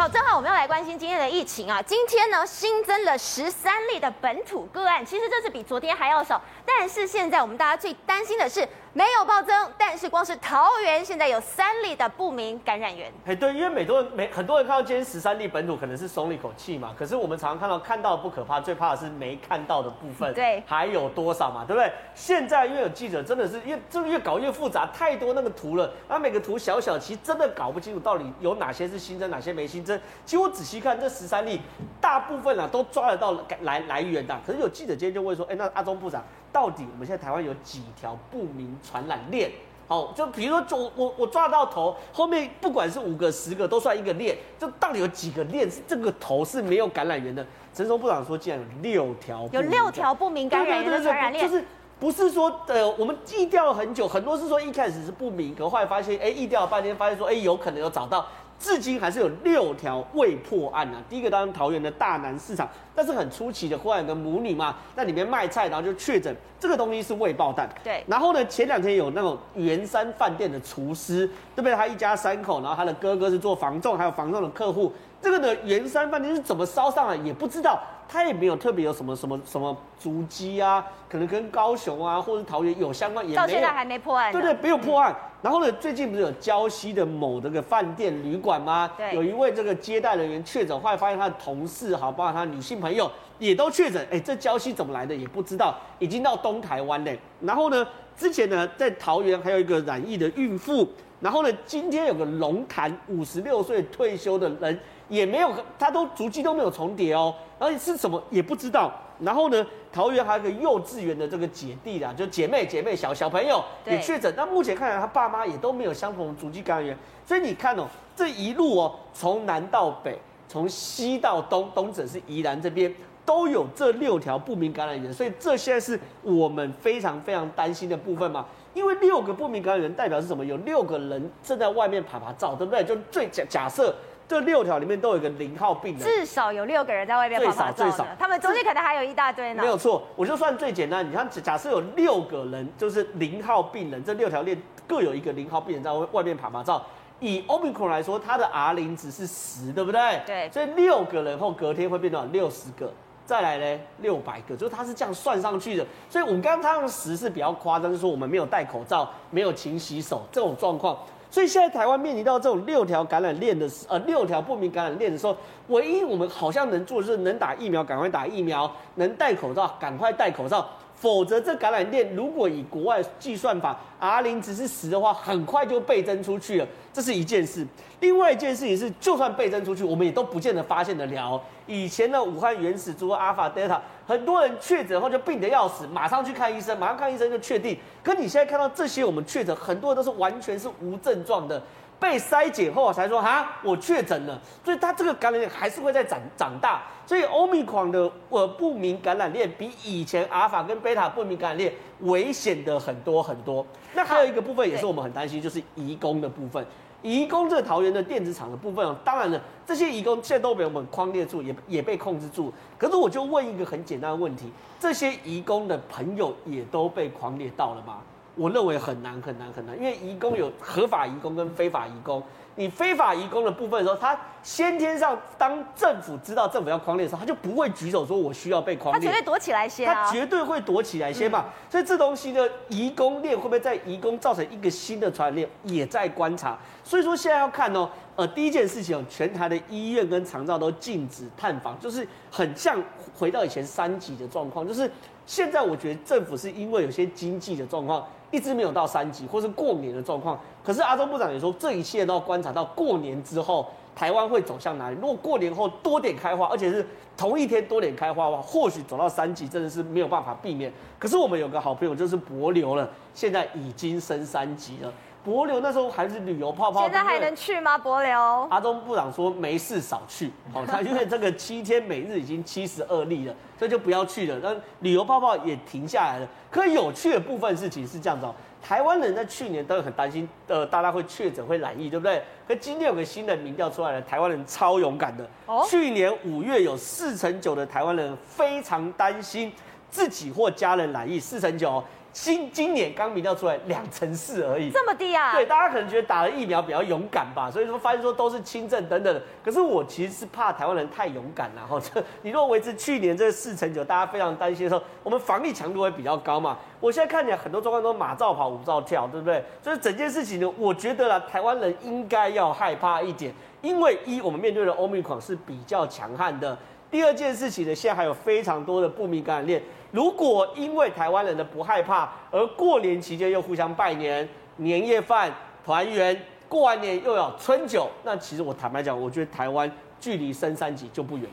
好，正好我們要來關心今天的疫情啊。今天呢，新增了十三例的本土個案，其實這是比昨天還要少。但是現在我們大家最擔心的是沒有暴增，但是光是桃園現在有三例的不明感染源。哎，對，因為每多人、每很多人看到今天十三例本土，可能是鬆了一口氣嘛。可是我們常常看到看到的不可怕，最怕的是沒看到的部分。對，還有多少嘛？對不對？現在因為有記者真的是，越，就越搞越複雜，太多那個圖了，那、啊、每個圖小小，其實真的搞不清楚到底有哪些是新增，哪些沒新增。其實我仔細看這十三例，大部分啊都抓得到來來源的。啊，可是有記者今天就問說，哎、欸，那阿中部長到底我們現在台灣有幾條不明傳染鏈？好、哦，就比如說，總我我抓到頭，後面不管是五個十個都算一個鏈。就到底有幾個鏈是這個頭是沒有感染源的？陳松部長說，竟然有六條，有六條不明感染源傳染鏈，就是不是說呃我們疫調很久，很多是說一開始是不明，可後來發現，哎、欸，疫調半天發現說，哎、欸，有可能有找到。至今還是有六條未破案啊。第一個當然桃園的大南市場，但是很出奇的，忽然有個母女嘛，在裡面賣菜，然後就確診。這個東西是未爆彈。對，然後呢，前兩天有那種圓山飯店的廚師，對不對？他一家三口，然後他的哥哥是做房仲，還有房仲的客戶。這個呢，圓山飯店是怎麼燒上來也不知道，他也沒有特別有什麼什麼什麼足迹啊，可能跟高雄啊或者桃園有相關也沒有，到現在還沒破案的。對對，沒有破案、嗯。然後呢，最近不是有礁溪的某這個飯店旅館嗎、嗯。對，有一位這個接待人員確診，後來發現他的同事哈，包括他的女性朋友也都確診。哎，這礁溪怎麼來的也不知道，已經到東台灣嘞。然後呢，之前呢在桃園還有一個染疫的孕婦，然後呢今天有個龍潭五十六歲退休的人。也沒有，他都足跡都沒有重疊哦，而且是什麼也不知道。然後呢，桃園還有一個幼稚園的這個姐弟啦，就姐妹姐妹小小朋友也確診。那目前看來，他爸媽也都沒有相同的足跡感染源。所以你看哦，這一路哦，從南到北，從西到東，東者是宜蘭這邊都有這六條不明感染源。所以這現在是我們非常非常擔心的部分嘛。因為六個不明感染源代表是什麼？有六個人正在外面趴趴走，對不對？就最假假設。這六條裡面都有一個零號病人，至少有六個人在外面趴趴走，最少最少，他們中間可能還有一大堆呢、喔。沒有錯，我就算最簡單，你看，假設有六個人，就是零號病人，這六條鏈各有一個零號病人在外面趴趴走。以 Omicron 來說，它的 R 零值是十，對不對？對。所以六個人然後隔天會變成六十個，再來呢六百個，就是它是這樣算上去的。所以，我們剛剛他用十是比較誇張，就是、說我們沒有戴口罩、沒有勤洗手這種狀況。所以現在台灣面臨到這種六條感染鏈的，呃，六條不明感染鏈的時候，唯一我們好像能做的是能打疫苗，趕快打疫苗；能戴口罩，趕快戴口罩。否則，這 Omicron 如果以國外計算法 R 零值是十的話，很快就倍增出去了。這是一件事。另外一件事也是，就算倍增出去，我們也都不見得發現得了。以前的武漢原始株 Alpha Delta，很多人確診後就病得要死，馬上去看醫生，馬上看醫生就確定。可你現在看到這些，我們確診很多人都是完全是無症狀的。被篩檢後才說哈，我確診了，所以它這個感染鏈還是會再長長大，所以 Omicron 的呃不明感染鏈比以前阿爾法跟貝塔不明感染鏈危險的很多很多。那還有一個部分也是我們很擔心，就是移工的部分，移工這個桃園的電子廠的部分，當然了，這些移工現在都被我們匡列住，也也被控制住。可是我就問一個很簡單的問題，這些移工的朋友也都被匡列到了嗎？我認為很難很難很難，因為移工有合法移工跟非法移工。你非法移工的部分的時候，他先天上當政府知道政府要匡列的時候，他就不會舉手說“我需要被匡列”，他絕對躲起來先，啊，他絕對會躲起來先嘛，嗯。所以這東西的移工鏈會不會在移工造成一個新的傳染鏈，也在觀察。所以說現在要看哦，呃，第一件事情，哦，全台的醫院跟長照都禁止探訪，就是很像回到以前三級的狀況。就是現在我覺得政府是因為有些經濟的狀況。一直沒有到三級，或是過年的狀況。可是阿中部長也說，這一切都要觀察到過年之後，台灣會走向哪裡。如果過年後多點開花，而且是同一天多點開花的話，或許走到三級真的是沒有辦法避免。可是我們有個好朋友就是博流帛琉了，現在已經升三級了。帛琉那時候還是旅遊泡泡，現在還能去嗎？帛琉，阿中部長說沒事少去，好、喔，他因為這個七天每日已經七十二例了，所以就不要去了。那旅遊泡泡也停下來了。可有趣的部分事情是這樣子、喔，哦。台灣人在去年都很擔心，呃，大家會確診會染疫，對不對？可今天有個新的民調出來了，台灣人超勇敢的。哦、去年五月有四成九的台灣人非常擔心。自己或家人染疫四成九，今今年剛民調出來兩成四而已，這麼低啊？對，大家可能覺得打了疫苗比較勇敢吧，所以說發現說都是輕症等等的。可是我其實是怕台灣人太勇敢了哈。這你若維持去年這個四成九，大家非常擔心說我們防疫強度會比較高嘛。我現在看起來很多狀況都馬照跑，舞照跳，對不對？所以整件事情呢，我覺得啦，台灣人應該要害怕一點，因為一我們面對的 Omicron 是比較強悍的。第二件事情呢，現在還有非常多的不明感染鏈。如果因為台灣人的不害怕，而過年期間又互相拜年、年夜飯、團圓，過完年又要春酒，那其實我坦白講，我覺得台灣距離升三級就不遠了。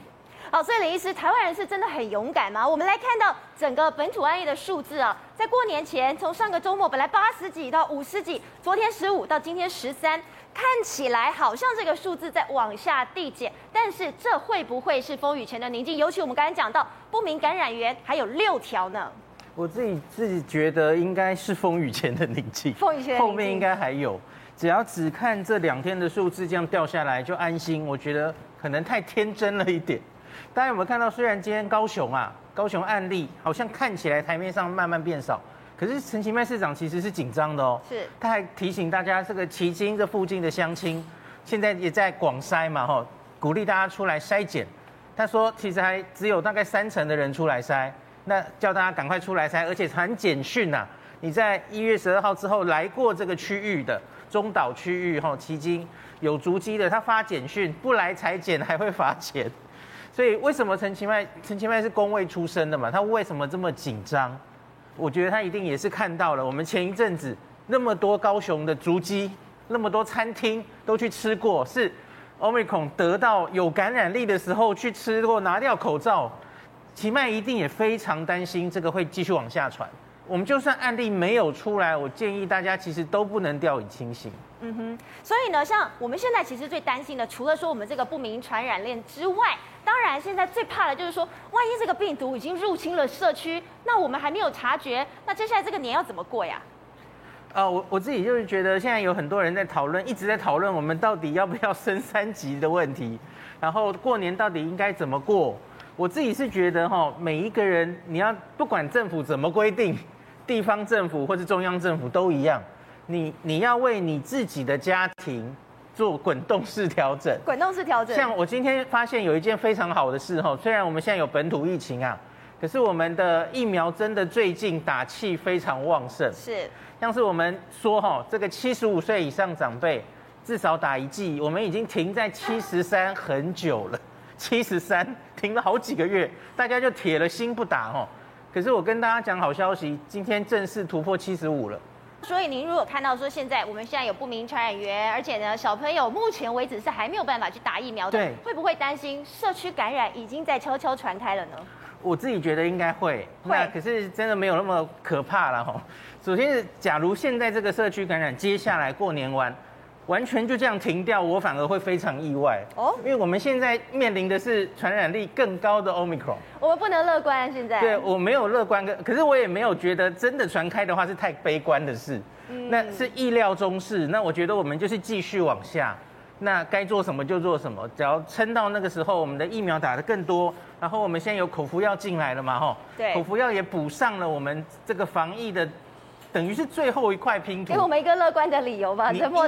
好、哦，所以林醫師，台灣人是真的很勇敢嗎？我們來看到整個本土案例的數字啊，在過年前，從上個周末本來八十幾到五十幾，昨天十五到今天十三。看起來好像這個數字在往下遞減，但是這會不會是風雨前的寧靜？尤其我們剛才講到不明感染源還有六條呢。我自己自己覺得應該是風雨前的寧靜，風雨前後面應該還有。只要只看這兩天的數字這樣掉下來就安心，我覺得可能太天真了一點。大家有沒有看到？雖然今天高雄啊，高雄案例好像看起來台面上慢慢變少。可是陳其邁市長其實是緊張的哦，是，他還提醒大家，這個旗津這附近的鄉親，現在也在廣篩嘛，哈、哦，鼓勵大家出來篩檢。他說，其實還只有大概三成的人出來篩，那叫大家趕快出來篩，而且還簡訊吶、啊，你在一月十二號之後來過這個區域的中島區域，哈，旗津有足跡的，他發簡訊，不來篩檢還會罰錢。所以為什麼陳其邁，陳其邁是公衛出身的嘛，他為什麼這麼緊張？我覺得他一定也是看到了，我們前一陣子那麼多高雄的足跡，那麼多餐廳都去吃過，是 Omicron 得到有感染力的時候去吃過，拿掉口罩，其邁一定也非常擔心這個會繼續往下傳。我們就算案例沒有出來，我建議大家其實都不能掉以輕心。嗯哼，所以呢，像我們現在其實最擔心的，除了說我們這個不明傳染鏈之外，當然，現在最怕的就是說，萬一這個病毒已經入侵了社區，那我們還沒有察覺，那接下來這個年要怎麼過呀？啊，我我自己就是覺得，現在有很多人在討論，一直在討論我們到底要不要升三級的問題。然後過年到底應該怎麼過？我自己是覺得哈，每一個人你要不管政府怎麼規定，地方政府或者中央政府都一樣，你你要為你自己的家庭。做滾動式調整，滾動式調整。像我今天發現有一件非常好的事哈，雖然我們現在有本土疫情啊，可是我們的疫苗真的最近打氣非常旺盛。是，像是我們說哈，這個七十五歲以上長輩至少打一劑，我們已經停在七十三很久了，七十三停了好幾個月，大家就鐵了心不打哦。可是我跟大家講好消息，今天正式突破七十五了。所以，您如果看到說，現在我們現在有不明傳染源，而且呢，小朋友目前為止是還沒有辦法去打疫苗的，對，會不會擔心社區感染已經在悄悄傳開了呢？我自己覺得應該會，會。那可是真的沒有那麼可怕了吼。首先是，假如現在這個社區感染，接下來過年完。嗯完全就這樣停掉，我反而會非常意外哦，因為我們現在面臨的是傳染力更高的 Omicron，我們不能樂觀現在。對，我沒有樂觀，可是我也沒有覺得真的傳開的話是太悲觀的事，嗯，那是意料中事。那我覺得我們就是繼續往下，那該做什麼就做什麼，只要撐到那個時候，我們的疫苗打得更多，然後我們現在有口服藥進來了嘛，吼，對，口服藥也補上了我們這個防疫的。等於是最後一塊拼圖，給我們一個樂觀的理由吧。打疫苗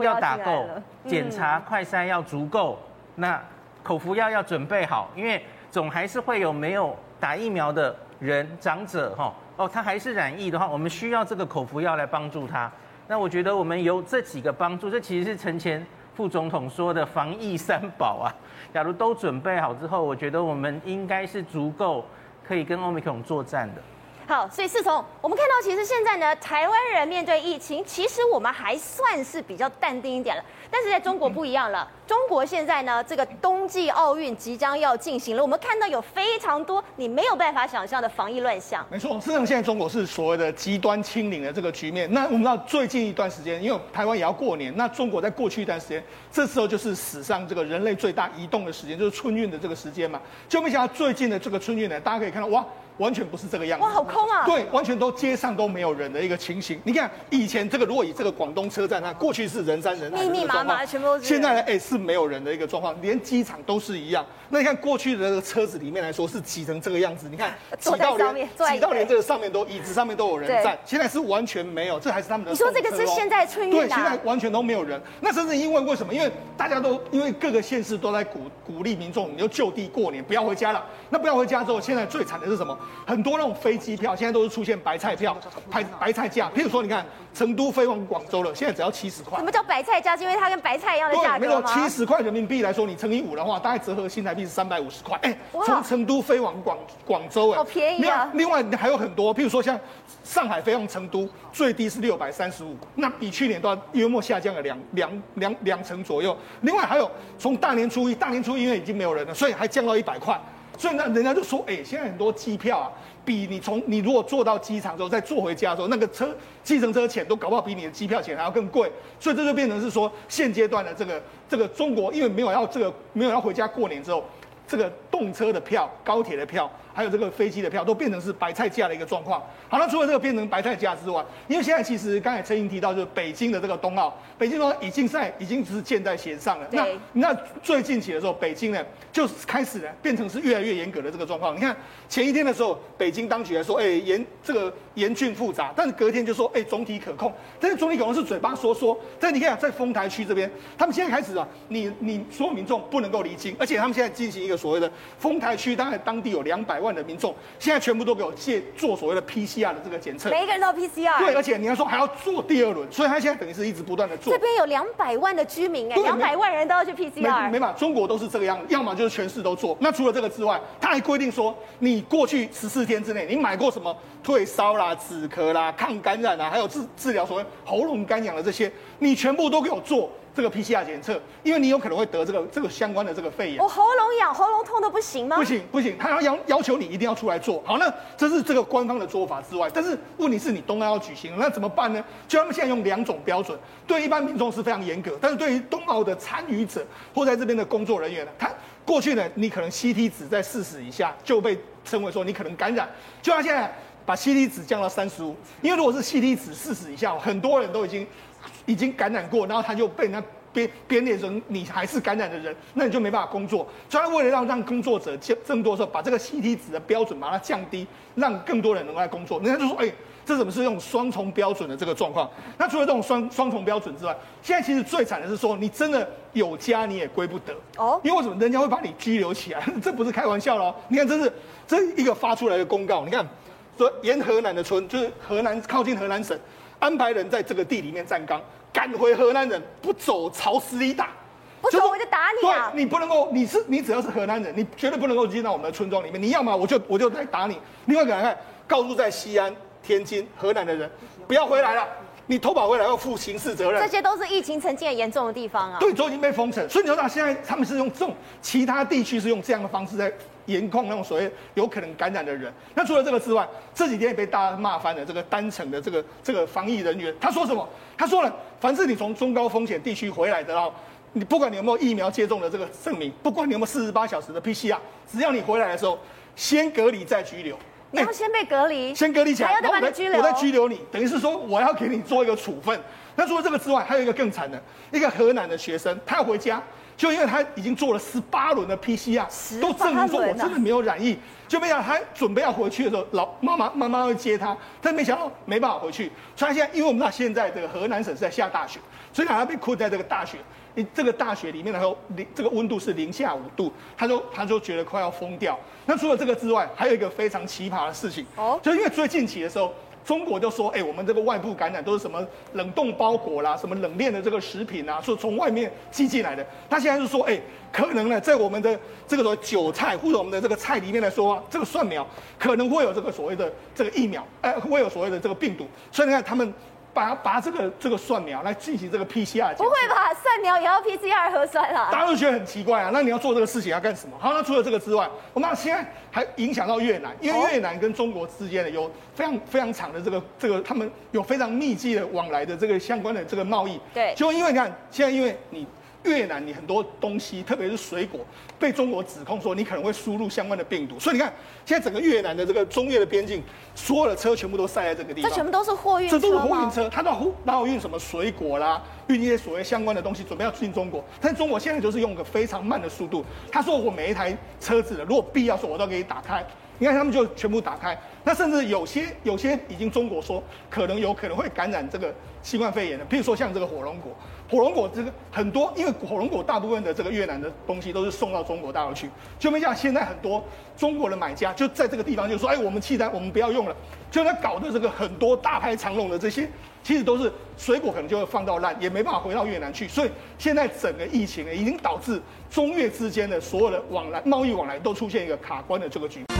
要打夠，檢、嗯、查快篩要足夠，那口服藥要準備好，因為總還是會有沒有打疫苗的人，長者哈哦，哦，他還是染疫的話，我們需要這個口服藥來幫助他。那我覺得我們有這幾個幫助，這其實是陳前副總統說的防疫三寶啊。假如都準備好之後，我覺得我們應該是足夠可以跟 Omicron 作戰的。好，所以世聰我們看到其實現在呢，台灣人面對疫情，其實我們還算是比較淡定一點了。但是在中國不一樣了、嗯，中國現在呢，這個冬季奧運即將要進行了，我們看到有非常多你沒有辦法想象的防疫亂象。沒錯，實際上現在中國是所謂的極端清零的這個局面。那我們知道最近一段時間，因為台灣也要過年，那中國在過去一段時間，這時候就是史上這個人類最大移動的時間，就是春運的這個時間嘛，就沒想到最近的這個春運呢，大家可以看到哇。完全不是這個樣子，哇，好空啊！對，完全都街上都沒有人的一個情形。你看以前這個，如果以這個廣東車站，那過去是人山人海人，密密麻麻，全部都是人。現在呢，哎、欸，是沒有人的一個狀況，連機場都是一樣。那你看過去的那個車子裡面來說是擠成這個樣子，你看擠到人，擠到連這個上面都椅子上面都有人在。現在是完全沒有，這還是他們的車。你說這個是現在春運？啊？對，現在完全都沒有人。那甚至因為為什麼？因為大家都因為各個縣市都在鼓鼓勵民眾，你就就地過年，不要回家了。那不要回家之後，現在最慘的是什麼？很多那種飛機票現在都是出現白菜票，白白菜價。譬如說，你看成都飛往廣州了，現在只要七十塊。什麼叫白菜價？是因為它跟白菜一樣的價格嗎？沒錯，七十塊人民幣來說，你乘以五的話，大概折合新台幣是三百五十塊。哎、欸，從成都飛往廣廣州，哎，好便宜啊！另外，另外還有很多，譬如說像上海飛往成都，最低是六百三十五，那比去年都約莫下降了兩兩兩兩成左右。另外還有從大年初一，大年初一因為已經沒有人了，所以還降到一百塊。所以呢，人家就說，哎、欸，現在很多機票啊，比你從你如果坐到機場之後再坐回家的時候，那個車、計程車錢都搞不好比你的機票錢還要更貴。所以這就變成是說，現階段的這個這個中國，因為沒有要這個沒有要回家過年之後，這個動車的票、高鐵的票。還有這個飛機的票都變成是白菜價的一個狀況。好了，那除了這個變成白菜價之外，因為現在其實剛才陳瑩提到，就是北京的這個冬奧，北京說已經在，已經只是箭在弦上了。那那最近起的時候，北京呢，就開始了，變成是越來越嚴格的這個狀況。你看前一天的時候，北京當局來說，哎、欸、嚴這個嚴峻複雜，但是隔天就說，哎、欸、總體可控，但是總體可控是嘴巴說說。但你看在豐台區這邊，他們現在開始啊，你你所有民眾不能夠離京，而且他們現在進行一個所謂的豐台區，當然當地有兩百萬。的民眾現在全部都給我借做所謂的 PCR 的這個檢測，每一個人到 PCR。對，而且你要說還要做第二輪，所以他現在等於是一直不斷的做。這邊有兩百萬的居民哎、欸，兩百萬人都要去 PCR，沒、沒、沒嘛？中國都是這個樣，要麼就是全市都做。那除了這個之外，他還規定說，你過去十四天之內，你買過什麼退燒啦、止咳啦、抗感染啦、啊，還有治治療所謂喉嚨乾癢的這些，你全部都給我做。這個 PCR 檢測，因為你有可能會得這個這個相關的這個肺炎。我喉嚨癢，喉嚨痛得不行嗎？不行，不行，他要要要求你一定要出來做。好，那這是這個官方的做法之外，但是問題是，你冬奧要舉行，那怎麼辦呢？就他們現在用兩種標準，對一般民眾是非常嚴格，但是對於冬奧的參與者或在這邊的工作人員呢，他過去呢，你可能 CT 值在四十以下就被稱為說你可能感染，就他現在把 CT 值降到三十五，因為如果是 CT 值四十以下，很多人都已經。已經感染過，然後他就被人家編編列成你還是感染的人，那你就沒辦法工作。專門為了讓讓工作者這麼多的時候，把這個 ct 值的標準把它降低，讓更多人能夠來工作。人家就說，哎、欸，這怎麼是用雙重標準的這個狀況？那除了這種雙雙重標準之外，現在其實最慘的是說，你真的有家你也歸不得哦。因為為什麼人家會把你拘留起來？這不是開玩笑咯。你看這，這是這一個發出來的公告，你看說沿河南的村就是河南靠近河南省。安排人在這個地裡面站崗，趕回河南人不走，朝死裡打，不走就我就打你啊。對，你不能夠，你是你只要是河南人，你絕對不能夠進到我們的村莊裡面。你要麼我就我就來打你。另外，趕快告訴在西安、天津、河南的人，不要回來了，你偷跑回來要負刑事責任。這些都是疫情曾經很嚴重的地方啊。對，都已經被封城，所以你說現在，他們是用這種其他地區是用這樣的方式在。嚴控那種所謂有可能感染的人。那除了這個之外，這幾天也被大家罵翻了。這個單程的這個這個防疫人員，他說什麼？他說了，凡是你從中高風險地區回來的，哦，你不管你有沒有疫苗接種的這個證明，不管你有沒有四十八小時的 PCR，只要你回來的時候先隔離再拘留，你要先被隔離，哎、先隔離起來，我再拘留，我再拘留你，等於是說我要給你做一個處分。那除了這個之外，還有一個更慘的，一個河南的學生，他要回家。就因為他已經做了十八輪的 PCR，啊，都證明說我真的沒有染疫。就沒想到他準備要回去的時候，老媽媽媽媽會接他，他沒想到沒辦法回去。所以他現在，因為我們知道現在這個河南省是在下大雪，所以讓他被困在這個大雪。這個大雪裡面的時候，零這個溫度是零下五度，他就他就覺得快要瘋掉。那除了這個之外，還有一個非常奇葩的事情，哦，就因為最近起的時候。中國就說：“哎、欸，我們這個外部感染都是什麼冷凍包裹啦，什麼冷鏈的這個食品啊，是從外面寄進來的。”他現在是說：“哎、欸，可能呢，在我們的這個說韭菜或者我們的這個菜裡面來說，這個蒜苗可能會有這個所謂的這個疫苗，哎、呃，會有所謂的這個病毒。”所以你看他們。把它拔這個這個蒜苗來進行這個 PCR 不會吧，蒜苗也要 PCR 核酸啊？大家都覺得很奇怪啊。那你要做這個事情要幹什麼？好，那除了這個之外，我們現在還影響到越南，因為越南跟中國之間的有非常非常長的這個這個，他們有非常密集的往來的這個相關的這個貿易。對，就因為你看，現在因為你。越南，你很多東西，特別是水果，被中國指控說你可能會輸入相關的病毒。所以你看，現在整個越南的這個中越的邊境，所有的車全部都塞在這個地方。這全部都是貨運車，這都是貨運車，他到胡然後運什麼水果啦，運一些所謂相關的東西，準備要進中國。但中國現在就是用個非常慢的速度。他說我每一台車子的，如果必要說，我都給你打開。你看他們就全部打開。那甚至有些有些已經中國說可能有可能會感染這個新冠肺炎的，譬如說像這個火龍果。火龍果這個很多，因為火龍果大部分的這個越南的東西都是送到中國大陸去，就沒像現在很多中國的買家就在這個地方，就說哎、欸，我們棄單，我們不要用了，就在搞的這個很多大排長龍的這些，其實都是水果，可能就會放到爛，也沒辦法回到越南去，所以現在整個疫情呢，已經導致中越之間的所有的往來貿易往來都出現一個卡關的這個局面。